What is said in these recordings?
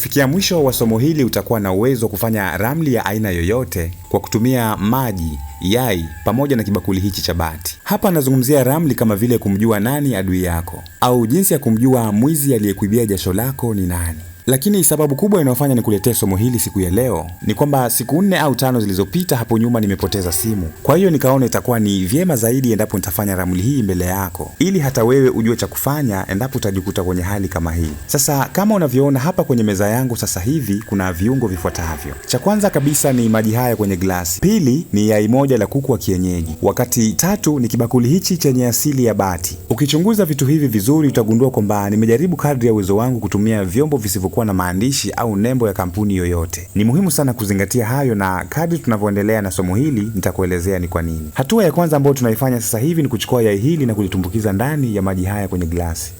Kufikia mwisho wa somo hili utakuwa na uwezo wa kufanya ramli ya aina yoyote kwa kutumia maji, yai pamoja na kibakuli hichi cha bati. Hapa anazungumzia ramli kama vile kumjua nani adui yako au jinsi ya kumjua mwizi aliyekuibia jasho lako ni nani. Lakini sababu kubwa inayofanya nikuletee somo hili siku ya leo ni kwamba siku nne au tano zilizopita hapo nyuma nimepoteza simu. Kwa hiyo nikaona itakuwa ni vyema zaidi endapo nitafanya ramli hii mbele yako ili hata wewe ujue cha kufanya endapo utajikuta kwenye hali kama hii. Sasa kama unavyoona hapa kwenye meza yangu sasa hivi kuna viungo vifuatavyo. Cha kwanza kabisa ni maji haya kwenye glasi. Pili ni yai moja la kuku wa kienyeji. Wakati tatu ni kibakuli hichi chenye asili ya bati. Ukichunguza vitu hivi vizuri utagundua kwamba nimejaribu kadri ya uwezo wangu kutumia vyombo visivyokuwa kuwa na maandishi au nembo ya kampuni yoyote. Ni muhimu sana kuzingatia hayo, na kadri tunavyoendelea na somo hili nitakuelezea ni kwa nini. Hatua ya kwanza ambayo tunaifanya sasa hivi ni kuchukua yai hili na kulitumbukiza ndani ya maji haya kwenye glasi.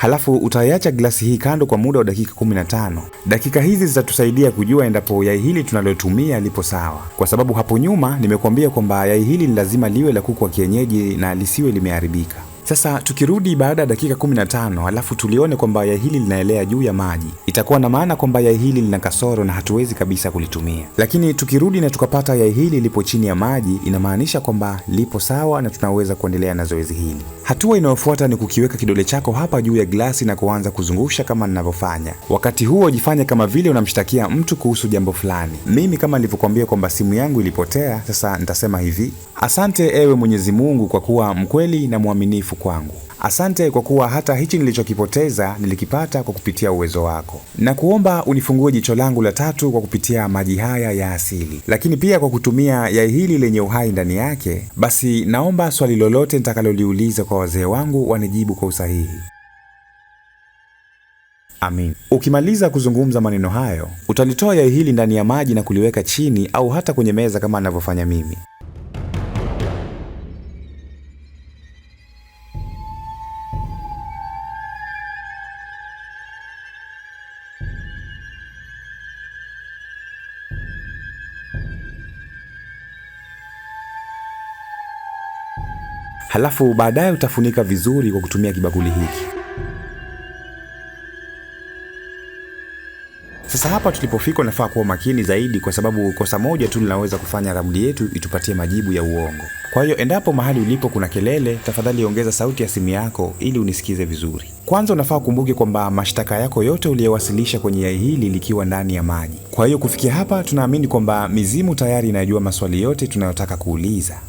halafu utaiacha glasi hii kando kwa muda wa dakika 15. Dakika hizi zitatusaidia kujua endapo yai hili tunalotumia lipo sawa, kwa sababu hapo nyuma nimekuambia kwamba yai hili ni lazima liwe la kuku wa kienyeji na lisiwe limeharibika. Sasa tukirudi baada ya dakika 15 alafu tulione kwamba yai hili linaelea juu ya maji, itakuwa na maana kwamba yai hili lina kasoro na hatuwezi kabisa kulitumia. Lakini tukirudi na tukapata yai hili lipo chini ya maji, inamaanisha kwamba lipo sawa na tunaweza kuendelea na zoezi hili. Hatua inayofuata ni kukiweka kidole chako hapa juu ya glasi na kuanza kuzungusha kama ninavyofanya. Wakati huo jifanye kama vile unamshtakia mtu kuhusu jambo fulani. Mimi kama nilivyokuambia kwamba simu yangu ilipotea, sasa nitasema hivi: asante ewe Mwenyezi Mungu kwa kuwa mkweli na mwaminifu kwangu. Asante kwa kuwa hata hichi nilichokipoteza nilikipata kwa kupitia uwezo wako, na kuomba unifungue jicho langu la tatu kwa kupitia maji haya ya asili, lakini pia kwa kutumia yai hili lenye uhai ndani yake. Basi naomba swali lolote nitakaloliuliza kwa wazee wangu wanijibu kwa usahihi. Amin. Ukimaliza kuzungumza maneno hayo, utalitoa yai hili ndani ya maji na kuliweka chini au hata kwenye meza kama anavyofanya mimi. halafu baadaye utafunika vizuri kwa kutumia kibakuli hiki. Sasa hapa tulipofika, unafaa kuwa makini zaidi, kwa sababu kosa moja tu linaweza kufanya ramli yetu itupatie majibu ya uongo. Kwa hiyo endapo mahali ulipo kuna kelele, tafadhali ongeza sauti ya simu yako ili unisikize vizuri. Kwanza unafaa ukumbuke kwamba mashtaka yako yote uliyowasilisha kwenye yai hili likiwa ndani ya maji. Kwa hiyo kufikia hapa, tunaamini kwamba mizimu tayari inajua maswali yote tunayotaka kuuliza.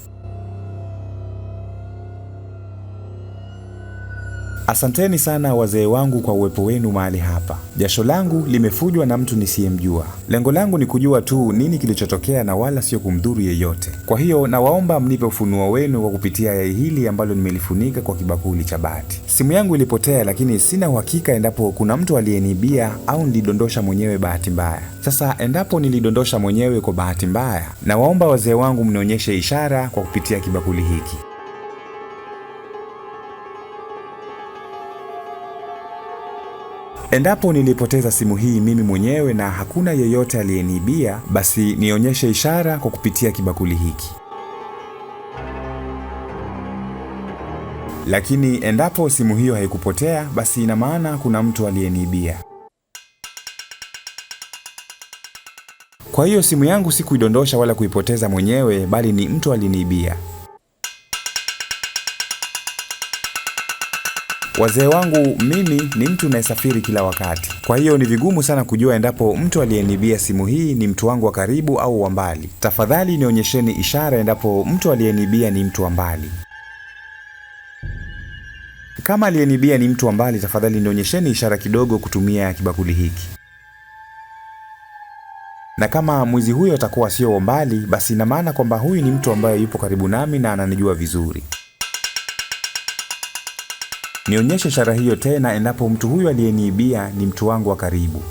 Asanteni sana wazee wangu kwa uwepo wenu mahali hapa. Jasho langu limefujwa na mtu nisiyemjua. Lengo langu ni kujua tu nini kilichotokea na wala sio kumdhuru yeyote. Kwa hiyo nawaomba mnipe ufunuo wenu kwa kupitia yai hili ambalo nimelifunika kwa kibakuli cha bati. Simu yangu ilipotea, lakini sina uhakika endapo kuna mtu aliyenibia au nilidondosha mwenyewe bahati mbaya. Sasa endapo nilidondosha mwenyewe kwa bahati mbaya, nawaomba wazee wangu mnionyeshe ishara kwa kupitia kibakuli hiki. Endapo nilipoteza simu hii mimi mwenyewe na hakuna yeyote aliyeniibia, basi nionyeshe ishara kwa kupitia kibakuli hiki. Lakini endapo simu hiyo haikupotea, basi ina maana kuna mtu aliyeniibia. Kwa hiyo simu yangu sikuidondosha wala kuipoteza mwenyewe, bali ni mtu aliniibia. Wazee wangu mimi ni mtu nayesafiri kila wakati, kwa hiyo ni vigumu sana kujua endapo mtu aliyenibia simu hii ni mtu wangu wa karibu au wa mbali. Tafadhali nionyesheni ishara endapo mtu aliyenibia ni mtu wa mbali. Kama aliyenibia ni mtu wa mbali, tafadhali nionyesheni ishara kidogo kutumia kibakuli hiki. Na kama mwizi huyo atakuwa sio wa mbali, basi ina maana kwamba huyu ni mtu ambaye yupo karibu nami na ananijua vizuri. Nionyeshe ishara hiyo tena endapo mtu huyo aliyeniibia ni mtu wangu wa karibu.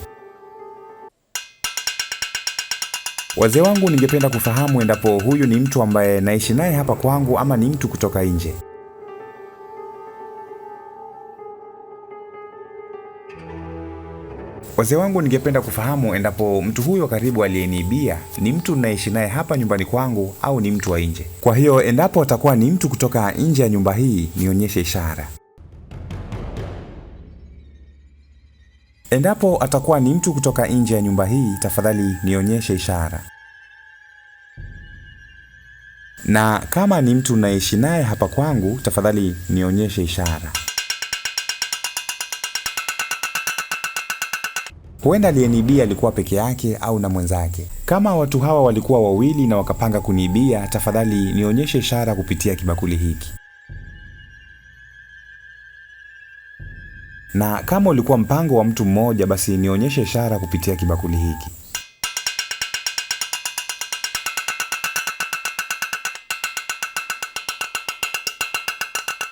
Wazee wangu, ningependa kufahamu endapo huyu ni mtu ambaye naishi naye hapa kwangu ama ni mtu kutoka nje. Wazee wangu, ningependa kufahamu endapo mtu huyo karibu aliyeniibia ni mtu ninaishi naye hapa nyumbani kwangu au ni mtu wa nje. Kwa hiyo endapo atakuwa ni mtu kutoka nje ya nyumba hii, nionyeshe ishara. Endapo atakuwa ni mtu kutoka nje ya nyumba hii, tafadhali nionyeshe ishara. Na kama ni mtu naishi naye hapa kwangu, tafadhali nionyeshe ishara. Huenda aliyeniibia alikuwa peke yake au na mwenzake. Kama watu hawa walikuwa wawili na wakapanga kuniibia, tafadhali nionyeshe ishara kupitia kibakuli hiki. na kama ulikuwa mpango wa mtu mmoja, basi nionyeshe ishara kupitia kibakuli hiki.